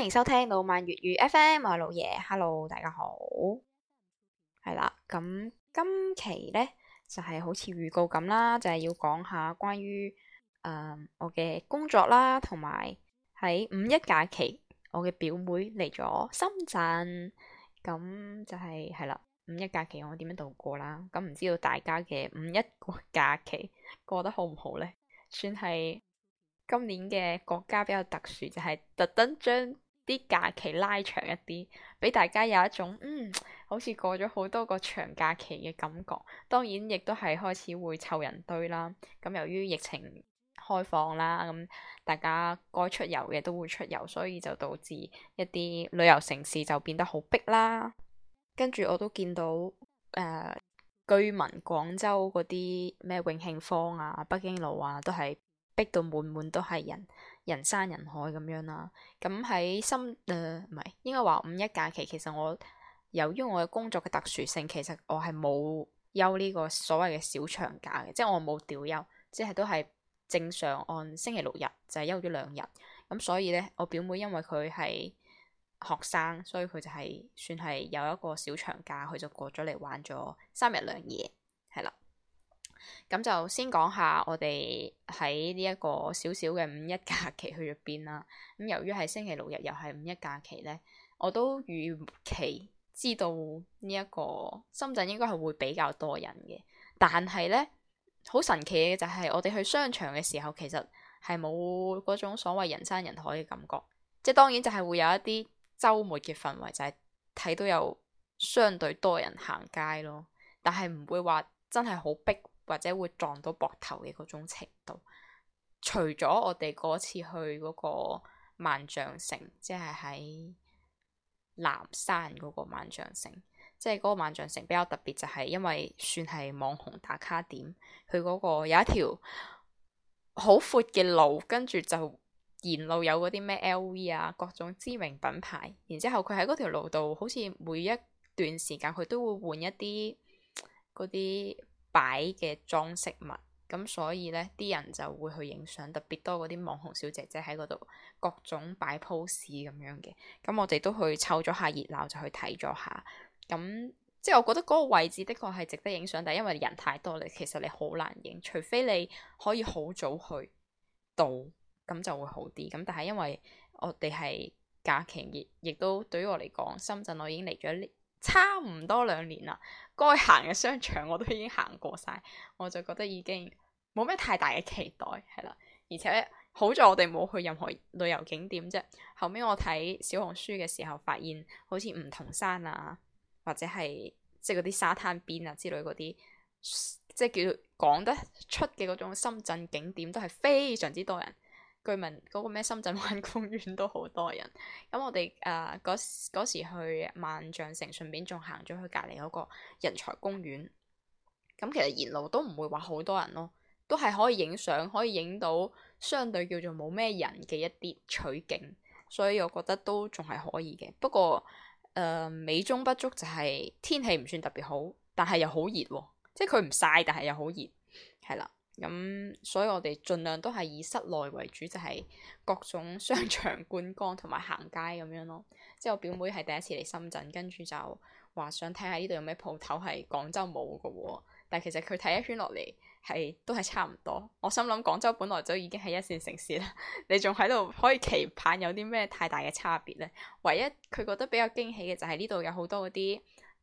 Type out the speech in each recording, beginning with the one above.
歡迎收聽老萬粵語 FM，我係老爺，Hello，大家好，係啦，咁今期咧就係、是、好似預告咁啦，就係、是、要講下關於誒、呃、我嘅工作啦，同埋喺五一假期我嘅表妹嚟咗深圳，咁就係係啦，五一假期我點樣度過啦？咁唔知道大家嘅五一個假期過得好唔好咧？算係今年嘅國家比較特殊，就係、是、特登將。啲假期拉長一啲，俾大家有一種嗯，好似過咗好多個長假期嘅感覺。當然，亦都係開始會湊人堆啦。咁由於疫情開放啦，咁大家該出遊嘅都會出遊，所以就導致一啲旅遊城市就變得好逼啦。跟住我都見到誒、呃、居民廣州嗰啲咩永慶坊啊、北京路啊，都係逼到滿滿都係人。人山人海咁樣啦，咁喺深誒，唔係應該話五一假期。其實我由於我嘅工作嘅特殊性，其實我係冇休呢個所謂嘅小長假嘅，即係我冇調休，即係都係正常按星期六日就係休咗兩日。咁所以咧，我表妹因為佢係學生，所以佢就係算係有一個小長假，佢就過咗嚟玩咗三日兩夜。咁就先講下我哋喺呢一個少少嘅五一假期去咗邊啦。咁、嗯、由於係星期六日又係五一假期咧，我都預期知道呢一個深圳應該係會比較多人嘅。但係咧，好神奇嘅就係我哋去商場嘅時候，其實係冇嗰種所謂人山人海嘅感覺，即係當然就係會有一啲周末嘅氛圍，就係、是、睇到有相對多人行街咯，但係唔會話真係好逼。或者會撞到膊頭嘅嗰種程度，除咗我哋嗰次去嗰個萬象城，即係喺南山嗰個萬象城，即係嗰個萬象城比較特別就係因為算係網紅打卡點，佢嗰個有一條好闊嘅路，跟住就沿路有嗰啲咩 LV 啊，各種知名品牌，然之後佢喺嗰條路度，好似每一段時間佢都會換一啲嗰啲。擺嘅裝飾物，咁所以呢啲人就會去影相，特別多嗰啲網紅小姐姐喺嗰度各種擺 pose 咁樣嘅，咁我哋都去湊咗下熱鬧就去睇咗下，咁即係我覺得嗰個位置的確係值得影相，但係因為人太多咧，其實你好難影，除非你可以好早去到，咁就會好啲，咁但係因為我哋係假期，亦亦都對於我嚟講，深圳我已經嚟咗一差唔多兩年啦，該行嘅商場我都已經行過晒，我就覺得已經冇咩太大嘅期待係啦。而且咧，好在我哋冇去任何旅遊景點啫。後尾我睇小紅書嘅時候，發現好似梧桐山啊，或者係即係嗰啲沙灘邊啊之類嗰啲，即係叫做講得出嘅嗰種深圳景點，都係非常之多人。據聞嗰個咩深圳灣公園都好多人，咁我哋誒嗰嗰時去萬象城，順便仲行咗去隔籬嗰個人才公園，咁其實沿路都唔會話好多人咯，都係可以影相，可以影到相對叫做冇咩人嘅一啲取景，所以我覺得都仲係可以嘅。不過誒美中不足就係天氣唔算特別好，但係又好熱，即係佢唔晒，但係又好熱，係啦。咁所以我哋盡量都係以室內為主，就係各種商場觀光同埋行街咁樣咯。即係我表妹係第一次嚟深圳，跟住就話想睇下呢度有咩鋪頭係廣州冇嘅喎。但其實佢睇一圈落嚟係都係差唔多。我心諗廣州本來就已經係一線城市啦， 你仲喺度可以期盼有啲咩太大嘅差別咧？唯一佢覺得比較驚喜嘅就係呢度有好多嗰啲。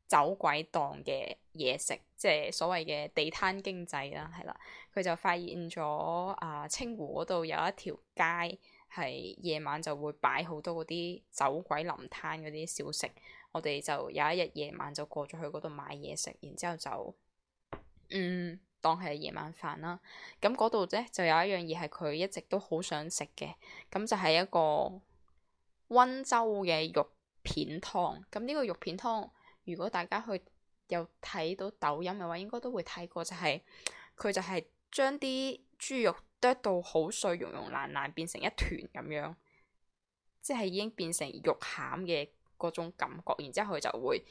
走鬼檔嘅嘢食，即係所謂嘅地攤經濟啦，係啦。佢就發現咗啊，清湖嗰度有一條街係夜晚就會擺好多嗰啲走鬼臨攤嗰啲小食。我哋就有一日夜晚就過咗去嗰度買嘢食，然之後就嗯當係夜晚飯啦。咁嗰度咧就有一樣嘢係佢一直都好想食嘅，咁就係一個溫州嘅肉片湯。咁呢個肉片湯。如果大家去有睇到抖音嘅話，應該都會睇過，就係，就係佢就係將啲豬肉剁到好碎，溶溶爛爛爛，變成一團咁樣，即係已經變成肉餡嘅嗰種感覺。然之後佢就會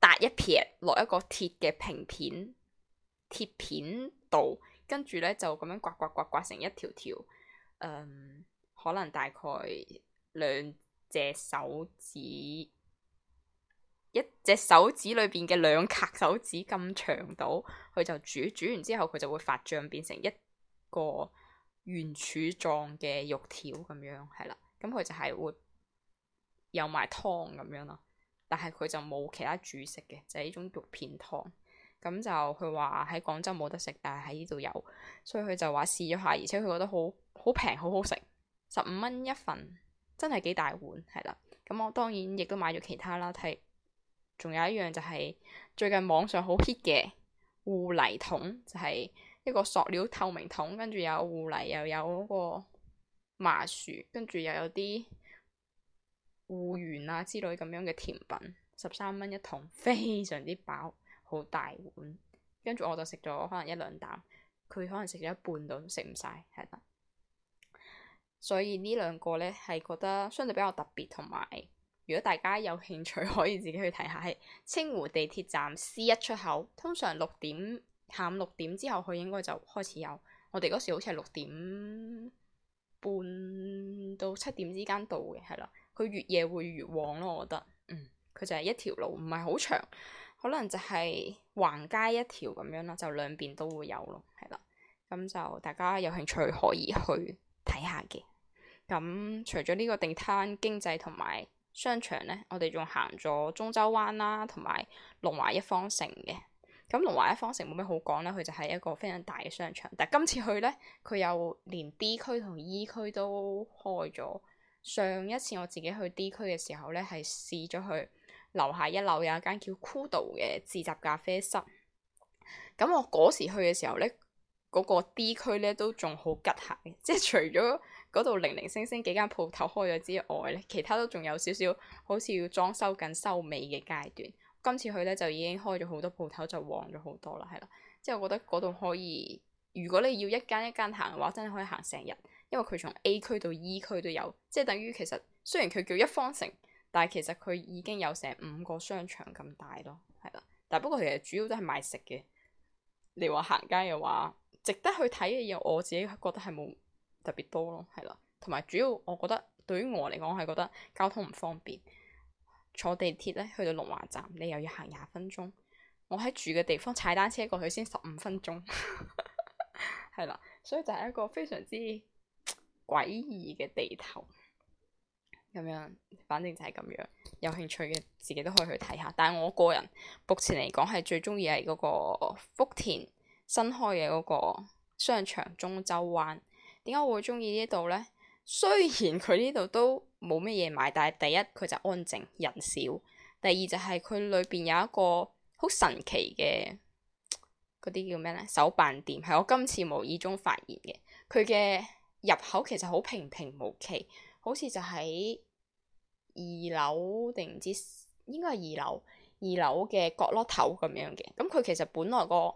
揼一撇落一個鐵嘅平片、鐵片度，跟住咧就咁樣刮刮刮刮成一條條，嗯，可能大概兩隻手指。一隻手指裏邊嘅兩格手指咁長度，佢就煮煮完之後，佢就會發脹，變成一個圓柱狀嘅肉條咁樣係啦。咁佢就係會有埋湯咁樣咯，但係佢就冇其他煮食嘅，就係呢種肉片湯咁，就佢話喺廣州冇得食，但係喺呢度有，所以佢就話試咗下，而且佢覺得好好平，好好食，十五蚊一份，真係幾大碗係啦。咁我當然亦都買咗其他啦，睇。仲有一樣就係最近網上好 hit 嘅芋泥桶，就係一個塑料透明桶，跟住有芋泥，又有個麻薯，跟住又有啲芋圓啊之類咁樣嘅甜品，十三蚊一桶，非常之飽，好大碗，跟住我就食咗可能一兩啖，佢可能食咗一半都食唔晒，係啦。所以呢兩個呢係覺得相對比較特別，同埋。如果大家有興趣，可以自己去睇下，係清湖地鐵站 C 一出口。通常六點下午六點之後，佢應該就開始有。我哋嗰時好似係六點半到七點之間到嘅，係啦。佢越夜會越旺咯，我覺得。嗯，佢就係一條路，唔係好長，可能就係橫街一條咁樣啦，就兩邊都會有咯，係啦。咁就大家有興趣可以去睇下嘅。咁除咗呢個地攤經濟同埋。商場咧，我哋仲行咗中洲灣啦，同埋龍華一方城嘅。咁龍華一方城冇咩好講啦，佢就係一個非常大嘅商場。但係今次去咧，佢又連 D 區同 E 區都開咗。上一次我自己去 D 區嘅時候咧，係試咗去樓下一樓有一間叫 Kudo 嘅自習咖啡室。咁我嗰時去嘅時候咧，嗰、嗰個 D 區咧都仲好吉下嘅，即係除咗。嗰度零零星星幾間鋪頭開咗之外咧，其他都仲有少少，好似要裝修緊收尾嘅階段。今次去咧就已經開咗好多鋪頭，就旺咗好多啦，係啦。即係我覺得嗰度可以，如果你要一間一間行嘅話，真係可以行成日，因為佢從 A 區到 E 區都有，即係等於其實雖然佢叫一方城，但係其實佢已經有成五個商場咁大咯，係啦。但不過其實主要都係賣食嘅。你話行街嘅話，值得去睇嘅嘢，我自己覺得係冇特別多咯，係啦，同埋主要我覺得對於我嚟講，我係覺得交通唔方便，坐地鐵咧去到龍華站，你又要行廿分鐘，我喺住嘅地方踩單車過去先十五分鐘，係 啦，所以就係一個非常之詭異嘅地頭咁樣，反正就係咁樣。有興趣嘅自己都可以去睇下，但係我個人目前嚟講係最中意係嗰個福田新開嘅嗰個商場中洲灣。點解我會中意呢度咧？雖然佢呢度都冇乜嘢買，但係第一佢就安靜，人少；第二就係、是、佢裡邊有一個好神奇嘅嗰啲叫咩咧？手辦店係我今次無意中發現嘅。佢嘅入口其實好平平無奇，好似就喺二樓定唔知應該係二樓，二樓嘅角落頭咁樣嘅。咁、嗯、佢其實本來個。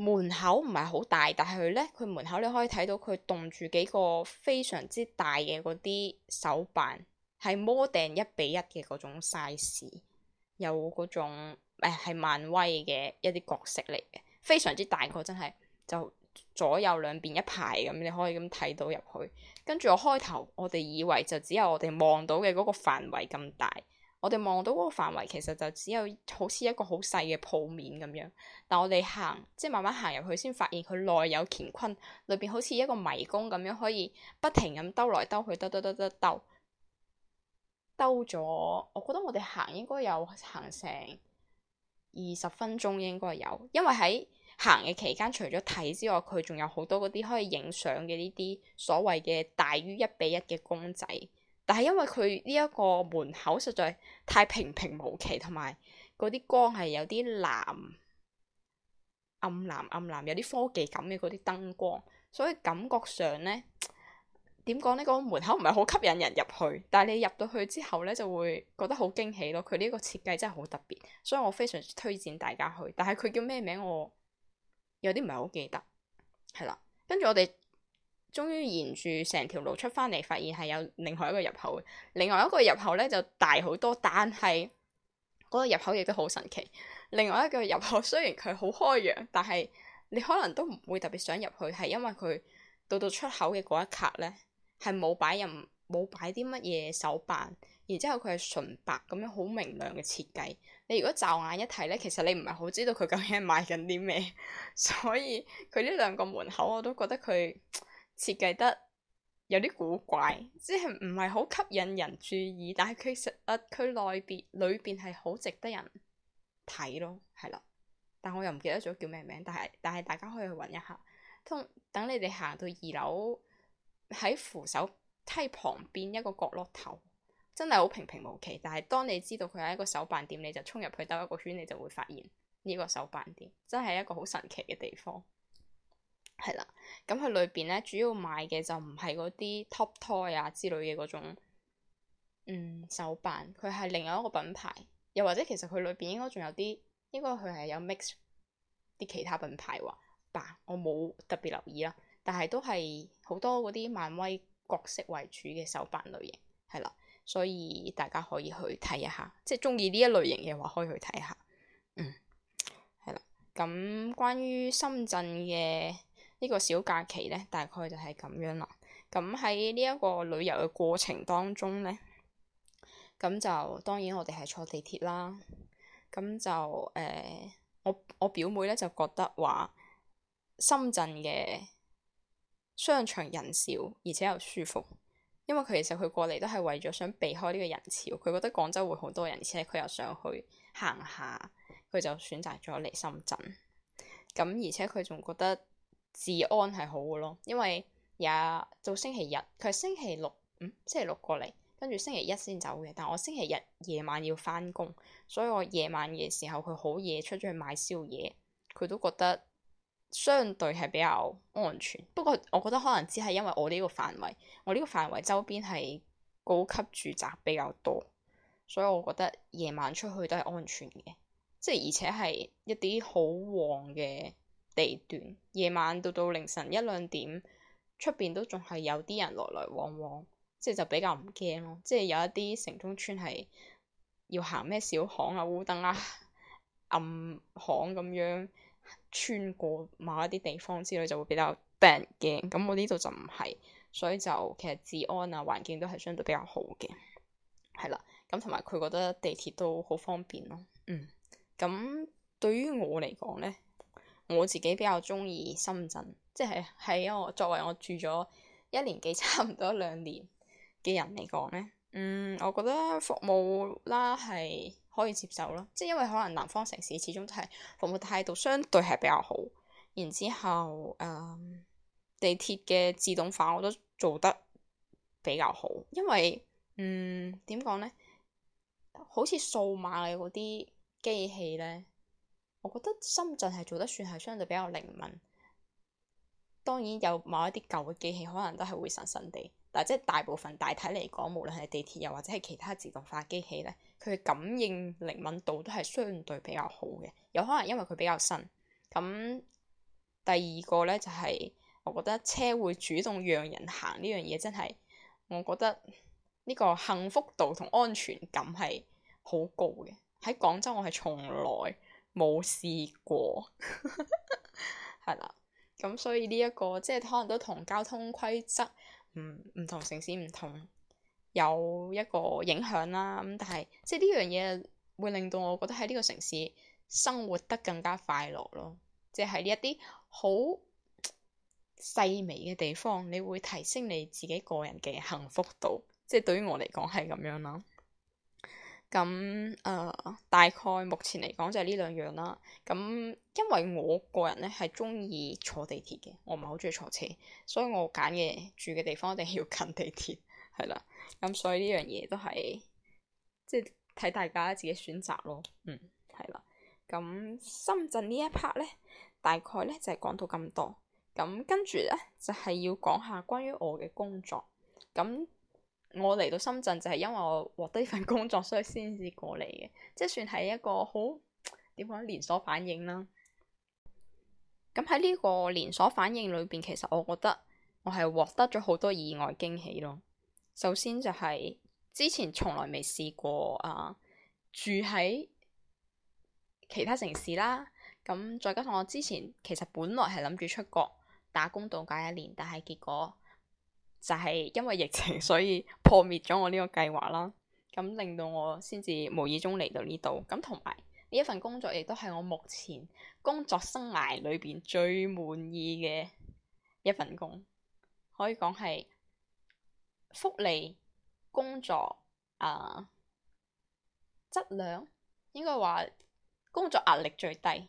門口唔係好大，但係佢咧，佢門口你可以睇到佢棟住幾個非常之大嘅嗰啲手辦，係 model 一比一嘅嗰種 size，有嗰種誒係、哎、漫威嘅一啲角色嚟嘅，非常之大個，真係就左右兩邊一排咁，你可以咁睇到入去。跟住我開頭我哋以為就只有我哋望到嘅嗰個範圍咁大。我哋望到嗰個範圍其實就只有好似一個好細嘅鋪面咁樣，但我哋行即係慢慢行入去，先發現佢內有乾坤，裏邊好似一個迷宮咁樣可以不停咁兜來兜去，兜兜兜兜兜。兜咗，我覺得我哋行應該有行成二十分鐘應該有，因為，喺行嘅期間除咗睇之外，佢仲有好多嗰啲可以影相嘅呢啲所謂嘅大於一比一嘅公仔。但係因為佢呢一個門口實在太平平無奇，同埋嗰啲光係有啲藍、暗藍、暗藍，有啲科技感嘅嗰啲燈光，所以感覺上呢，點講呢？嗰個門口唔係好吸引人入去，但係你入到去之後呢，就會覺得好驚喜咯。佢呢個設計真係好特別，所以我非常推薦大家去。但係佢叫咩名我有啲唔係好記得，係啦，跟住我哋。終於沿住成條路出翻嚟，發現係有另外一個入口。另外一個入口咧就大好多，但係嗰個入口亦都好神奇。另外一個入口雖然佢好開揚，但係你可能都唔會特別想入去，係因為佢到到出口嘅嗰一刻咧，係冇擺任冇擺啲乜嘢手辦，然之後佢係純白咁樣好明亮嘅設計。你如果驟眼一睇咧，其實你唔係好知道佢究竟係賣緊啲咩， 所以佢呢兩個門口我都覺得佢設計得有啲古怪，即係唔係好吸引人注意，但係其實啊，佢內邊裏邊係好值得人睇咯，係啦。但我又唔記得咗叫咩名，但係但係大家可以去搵一下，通等，等你哋行到二樓，喺扶手梯旁邊一個角落頭，真係好平平無奇。但係當你知道佢係一個手辦店，你就衝入去兜一個圈，你就會發現呢個手辦店真係一個好神奇嘅地方。係啦，咁佢裏邊咧主要賣嘅就唔係嗰啲 top toy 啊之類嘅嗰種，嗯手辦，佢係另外一個品牌，又或者其實佢裏邊應該仲有啲，應該佢係有 mix 啲其他品牌話吧，我冇特別留意啦，但係都係好多嗰啲漫威角色為主嘅手辦類型，係啦，所以大家可以去睇一下，即係中意呢一類型嘅話可以去睇下，嗯，係啦，咁關於深圳嘅。呢個小假期咧，大概就係咁樣啦。咁喺呢一個旅遊嘅過程當中咧，咁就當然我哋係坐地鐵啦。咁就誒、呃，我我表妹咧就覺得話深圳嘅商場人少，而且又舒服，因為佢其實佢過嚟都係為咗想避開呢個人潮，佢覺得廣州會好多人，而且佢又想去行下，佢就選擇咗嚟深圳。咁而且佢仲覺得，治安係好嘅咯，因為也就星期日，佢星期六，嗯，星期六過嚟，跟住星期一先走嘅。但我星期日夜晚要翻工，所以我夜晚嘅時候佢好夜出咗去買宵夜，佢都覺得相對係比較安全。不過我覺得可能只係因為我呢個範圍，我呢個範圍周邊係高級住宅比較多，所以我覺得夜晚出去都係安全嘅，即係而且係一啲好旺嘅。地段夜晚到到凌晨一兩點，出邊都仲係有啲人來來往往，即係就比較唔驚咯。即係有一啲城中村係要行咩小巷啊、烏燈啊、暗巷咁樣穿過某一啲地方之類，就會比較得人驚。咁我呢度就唔係，所以就其實治安啊、環境都係相對比較好嘅。係啦，咁同埋佢覺得地鐵都好方便咯。嗯，咁對於我嚟講咧。我自己比較鍾意深圳，即係喺我作為我住咗一年幾差唔多兩年嘅人嚟講咧，嗯，我覺得服務啦係可以接受咯，即係因為可能南方城市始終都係服務態度相對係比較好，然之後誒、嗯、地鐵嘅自動化我都做得比較好，因為嗯點講咧，好似數碼嘅嗰啲機器咧。我覺得深圳係做得算係相對比較靈敏，當然有某一啲舊嘅機器可能都係會神神地，但係即係大部分大體嚟講，無論係地鐵又或者係其他自動化機器咧，佢嘅感應靈敏度都係相對比較好嘅，有可能因為佢比較新。咁第二個咧就係、是，我覺得車會主動讓人行呢樣嘢真係，我覺得呢個幸福度同安全感係好高嘅。喺廣州我係從來。冇試過， 係啦，咁所以呢一個即係可能都同交通規則唔唔同城市唔同有一個影響啦。咁但係即係呢樣嘢會令到我覺得喺呢個城市生活得更加快樂咯。即係呢一啲好細微嘅地方，你會提升你自己個人嘅幸福度。即係對於我嚟講係咁樣啦。咁誒、呃，大概目前嚟講就係呢兩樣啦。咁因為我個人咧係鍾意坐地鐵嘅，我唔係好鍾意坐車，所以我揀嘅住嘅地方一定要近地鐵，係啦。咁所以呢樣嘢都係即係睇大家自己選擇咯。嗯，係啦。咁深圳呢一 part 咧，大概咧就係、是、講到咁多。咁跟住咧就係、是、要講下關於我嘅工作。咁我嚟到深圳就係因為我獲得呢份工作，所以先至過嚟嘅，即係算係一個好點講連鎖反應啦。咁喺呢個連鎖反應裏邊，其實我覺得我係獲得咗好多意外驚喜咯。首先就係、是、之前從來未試過啊住喺其他城市啦。咁再加上我之前其實本來係諗住出國打工度假一年，但係結果。就係因為疫情，所以破滅咗我呢個計劃啦。咁令到我先至無意中嚟到呢度。咁同埋呢一份工作亦都係我目前工作生涯裏邊最滿意嘅一份工，可以講係福利、工作啊、呃、質量，應該話工作壓力最低，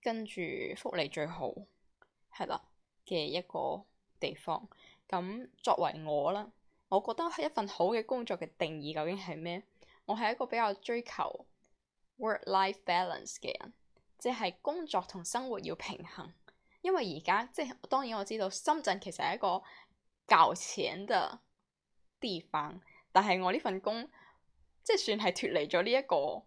跟住福利最好，係啦嘅一個地方。咁作為我啦，我覺得係一份好嘅工作嘅定義究竟係咩？我係一個比較追求 work-life balance 嘅人，即係工作同生活要平衡。因為而家即係當然我知道深圳其實係一個搞錢嘅地方，但係我呢份工即係算係脫離咗呢一個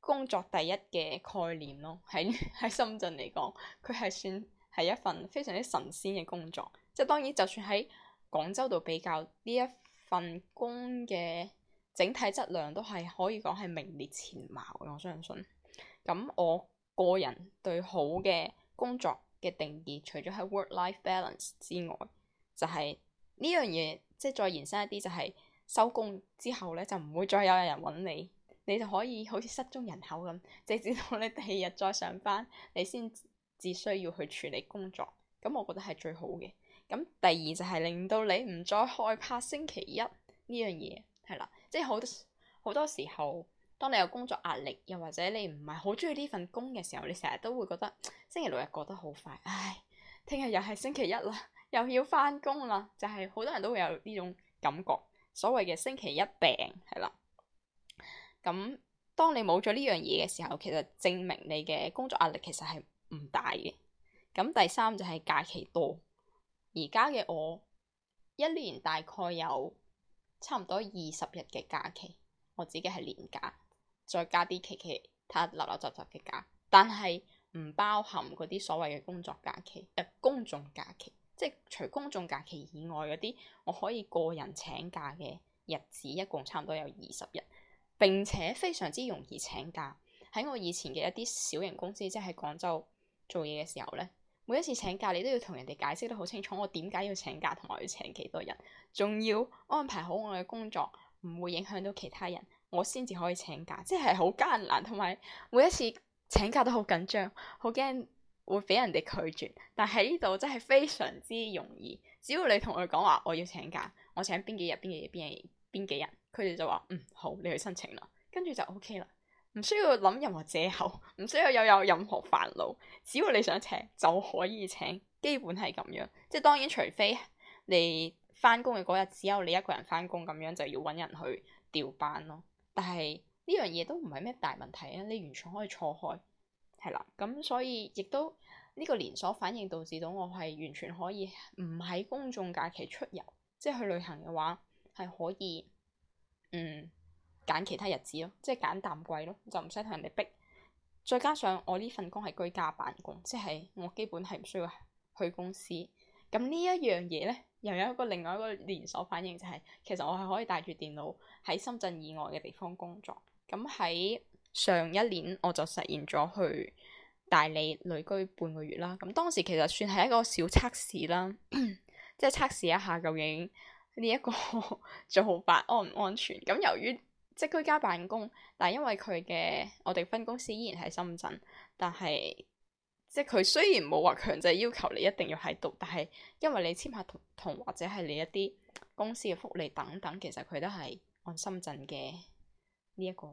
工作第一嘅概念咯。喺喺深圳嚟講，佢係算係一份非常之神仙嘅工作。即當然，就算喺廣州度比較呢一份工嘅整體質量，都係可以講係名列前茅嘅。我相信咁，我個人對好嘅工作嘅定義，除咗喺 work life balance 之外，就係呢樣嘢。即、就係、再延伸一啲，就係收工之後咧，就唔會再有人揾你，你就可以好似失蹤人口咁，直至到你第二日再上班，你先至需要去處理工作。咁我覺得係最好嘅。咁第二就係令到你唔再害怕星期一呢樣嘢係啦，即係好好多時候，當你有工作壓力，又或者你唔係好中意呢份工嘅時候，你成日都會覺得星期六日過得好快，唉，聽日又係星期一啦，又要翻工啦，就係、是、好多人都會有呢種感覺，所謂嘅星期一病係啦。咁當你冇咗呢樣嘢嘅時候，其實證明你嘅工作壓力其實係唔大嘅。咁第三就係假期多。而家嘅我，一年大概有差唔多二十日嘅假期，我指嘅係年假，再加啲其其他垃垃雜雜嘅假，但係唔包含嗰啲所謂嘅工作假期，誒、呃，公眾假期，即係除公眾假期以外嗰啲，我可以個人請假嘅日子，一共差唔多有二十日，並且非常之容易請假。喺我以前嘅一啲小型公司，即係喺廣州做嘢嘅時候咧。每一次請假，你都要同人哋解釋得好清楚，我點解要請假，同我要請幾多人，仲要安排好我嘅工作，唔會影響到其他人，我先至可以請假，即係好艱難，同埋每一次請假都好緊張，好驚會俾人哋拒絕。但喺呢度真係非常之容易，只要你同佢講話我要請假，我請邊幾日邊幾日邊幾日邊幾日，佢哋就話嗯好，你去申請啦，跟住就 OK 啦。唔需要諗任何借口，唔需要有有任何煩惱，只要你想請就可以請，基本係咁樣。即係當然，除非你翻工嘅嗰日只有你一個人翻工，咁樣就要搵人去調班咯。但係呢樣嘢都唔係咩大問題啊，你完全可以錯開，係啦。咁所以亦都呢個連鎖反應導致到我係完全可以唔喺公眾假期出遊，即係去旅行嘅話係可以，嗯。揀其他日子咯，即係揀淡季咯，就唔使同人哋逼。再加上我呢份工係居家辦公，即係我基本係唔需要去公司。咁呢一樣嘢咧，又有一個另外一個連鎖反應就係，其實我係可以帶住電腦喺深圳以外嘅地方工作。咁喺上一年我就實現咗去大理旅居半個月啦。咁當時其實算係一個小測試啦， 即係測試一下究竟呢一個 做法安唔安全。咁由於即居家辦公，但因為佢嘅我哋分公司依然喺深圳，但係即佢雖然冇話強制要求你一定要喺度，但係因為你簽合同或者係你一啲公司嘅福利等等，其實佢都係按深圳嘅呢一個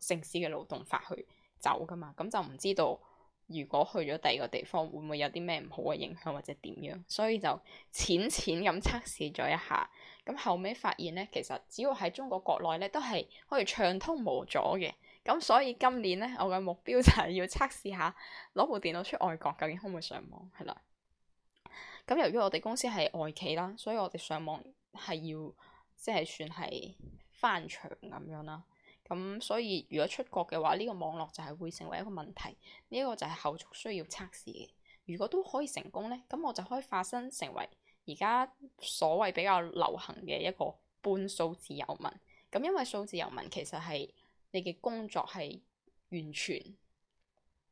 城市嘅勞動法去走噶嘛，咁就唔知道。如果去咗第二個地方，會唔會有啲咩唔好嘅影響或者點樣？所以就淺淺咁測試咗一下，咁後尾發現咧，其實只要喺中國國內咧，都係可以暢通無阻嘅。咁所以今年咧，我嘅目標就係要測試下攞部電腦出外國，究竟可唔可以上網？係啦。咁由於我哋公司係外企啦，所以我哋上網係要即係、就是、算係翻牆咁樣啦。咁所以如果出國嘅話，呢個網絡就係會成為一個問題。呢個就係後續需要測試嘅。如果都可以成功咧，咁我就可以發生成為而家所謂比較流行嘅一個半數字遊民。咁因為數字遊民其實係你嘅工作係完全。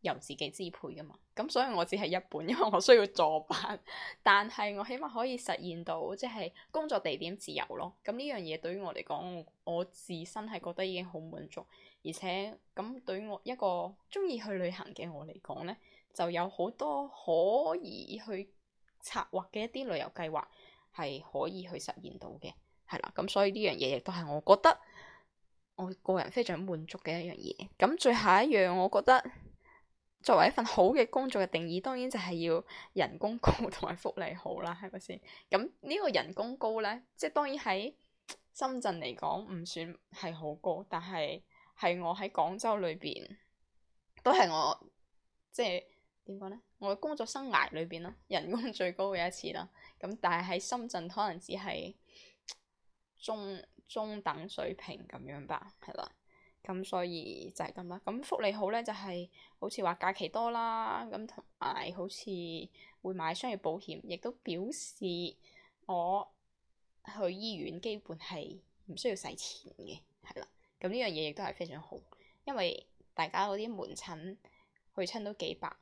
由自己支配噶嘛，咁所以我只係一本，因為我需要坐班，但係我起碼可以實現到即係、就是、工作地點自由咯。咁呢樣嘢對於我嚟講，我自身係覺得已經好滿足，而且咁對於我一個鍾意去旅行嘅我嚟講咧，就有好多可以去策劃嘅一啲旅遊計劃係可以去實現到嘅，係啦。咁所以呢樣嘢亦都係我覺得我個人非常滿足嘅一樣嘢。咁最下一樣，我覺得。作為一份好嘅工作嘅定義，當然就係要人工高同埋福利好啦，係咪先？咁呢個人工高咧，即係當然喺深圳嚟講唔算係好高，但係係我喺廣州裏邊都係我即係點講咧？我嘅工作生涯裏邊咯，人工最高嘅一次啦。咁但係喺深圳可能只係中中等水平咁樣吧，係啦。咁所以就係咁啦，咁福利好咧就係好似話假期多啦，咁同埋好似會買商業保險，亦都表示我去醫院基本係唔需要使錢嘅，係啦，咁呢樣嘢亦都係非常好，因為大家嗰啲門診去親都幾百，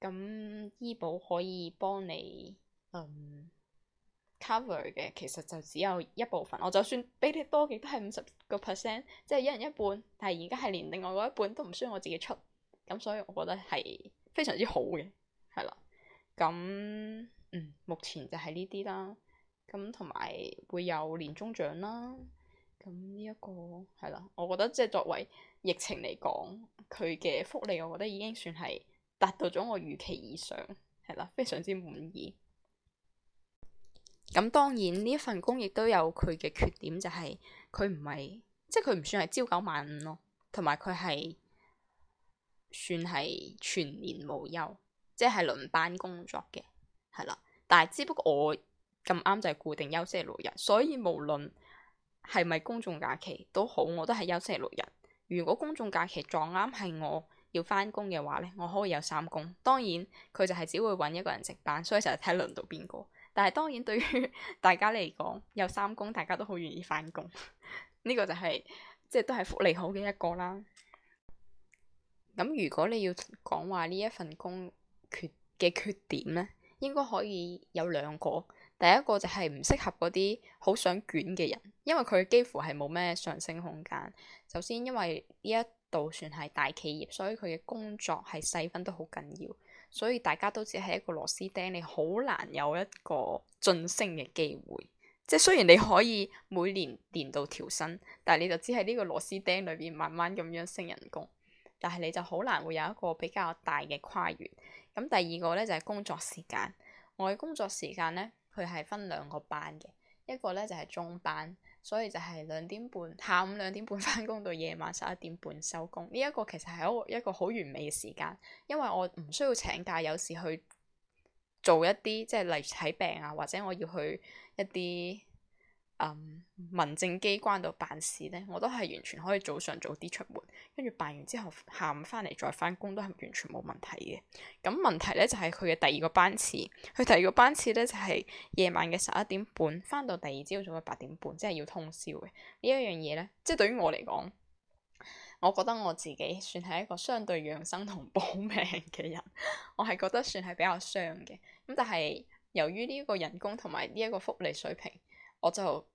咁醫保可以幫你嗯，嘅其實就只有一部分，我就算俾你多，亦都係五十個 percent，即係一人一半。但係而家係連另外嗰一半都唔需要我自己出，咁所以我覺得係非常之好嘅，係啦。咁嗯，目前就係呢啲啦。咁同埋會有年終獎啦。咁呢一個係啦，我覺得即係作為疫情嚟講，佢嘅福利我覺得已經算係達到咗我預期以上，係啦，非常之滿意。咁當然呢一份工亦都有佢嘅缺點，就係佢唔係即係佢唔算係朝九晚五咯，同埋佢係算係全年無休，即係輪班工作嘅，係啦。但係只不過我咁啱就係固定休息六日，所以無論係咪公眾假期都好，我都係休息六日。如果公眾假期撞啱係我要翻工嘅話咧，我可以有三工。當然佢就係只會揾一個人值班，所以就係睇輪到邊個。但係當然，對於大家嚟講，有三公，大家都好願意返工。呢 個就係、是、即係都係福利好嘅一個啦。咁如果你要講話呢一份工缺嘅缺點呢，應該可以有兩個。第一個就係唔適合嗰啲好想捲嘅人，因為佢幾乎係冇咩上升空間。首先，因為呢一度算係大企業，所以佢嘅工作係細分都好緊要。所以大家都只係一個螺絲釘，你好難有一個晉升嘅機會。即係雖然你可以每年年度調薪，但係你就只係呢個螺絲釘裏邊慢慢咁樣升人工，但係你就好難會有一個比較大嘅跨越。咁第二個咧就係、是、工作時間，我嘅工作時間咧佢係分兩個班嘅，一個咧就係、是、中班。所以就係兩點半，下午兩點半翻工到夜晚十一點半收工，呢、這、一個其實係一個一個好完美嘅時間，因為我唔需要請假，有時去做一啲即係例如睇病啊，或者我要去一啲。Um, 民政機關度辦事咧，我都係完全可以早上早啲出門，跟住辦完之後下午翻嚟再翻工，都係完全冇問題嘅。咁問題咧就係佢嘅第二個班次，佢第二個班次咧就係、是、夜晚嘅十一點半翻到第二朝早嘅八點半，即係要通宵嘅呢一樣嘢咧。即係對於我嚟講，我覺得我自己算係一個相對養生同保命嘅人， 我係覺得算係比較傷嘅。咁但係由於呢一個人工同埋呢一個福利水平。我就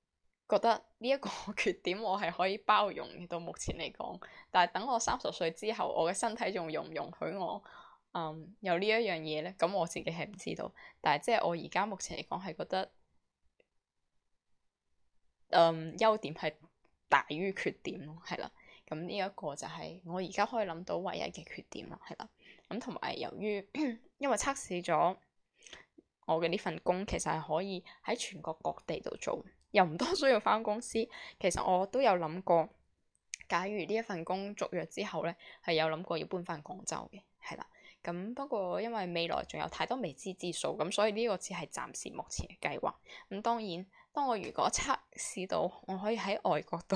覺得呢一個缺點，我係可以包容，到目前嚟講，但係等我三十歲之後，我嘅身體仲容唔容許我，嗯，有呢一樣嘢咧？咁我自己係唔知道。但係即係我而家目前嚟講係覺得，嗯，優點係大於缺點咯，係啦。咁呢一個就係我而家可以諗到唯一嘅缺點啦，係啦。咁同埋由於 因為測試咗。我嘅呢份工其實係可以喺全國各地度做，又唔多需要翻公司。其實我都有諗過，假如呢一份工作續約之後咧，係有諗過要搬翻廣州嘅，係啦。咁不過因為未來仲有太多未知之數，咁所以呢個只係暫時目前嘅計劃。咁當然，當我如果測試到我可以喺外國度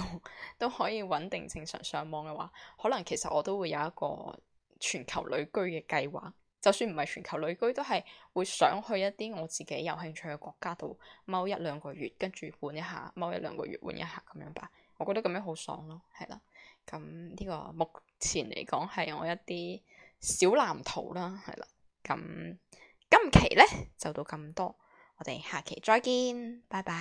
都，都可以穩定正常上，上網嘅話，可能其實我都會有一個全球旅居嘅計劃。就算唔係全球旅居，都係會想去一啲我自己有興趣嘅國家度踎一兩個月，跟住換一下，踎一兩個月換一下咁樣吧。我覺得咁樣好爽咯，係啦。咁、嗯、呢、這個目前嚟講係我一啲小藍圖啦，係啦。咁、嗯、今期咧就到咁多，我哋下期再見，拜拜。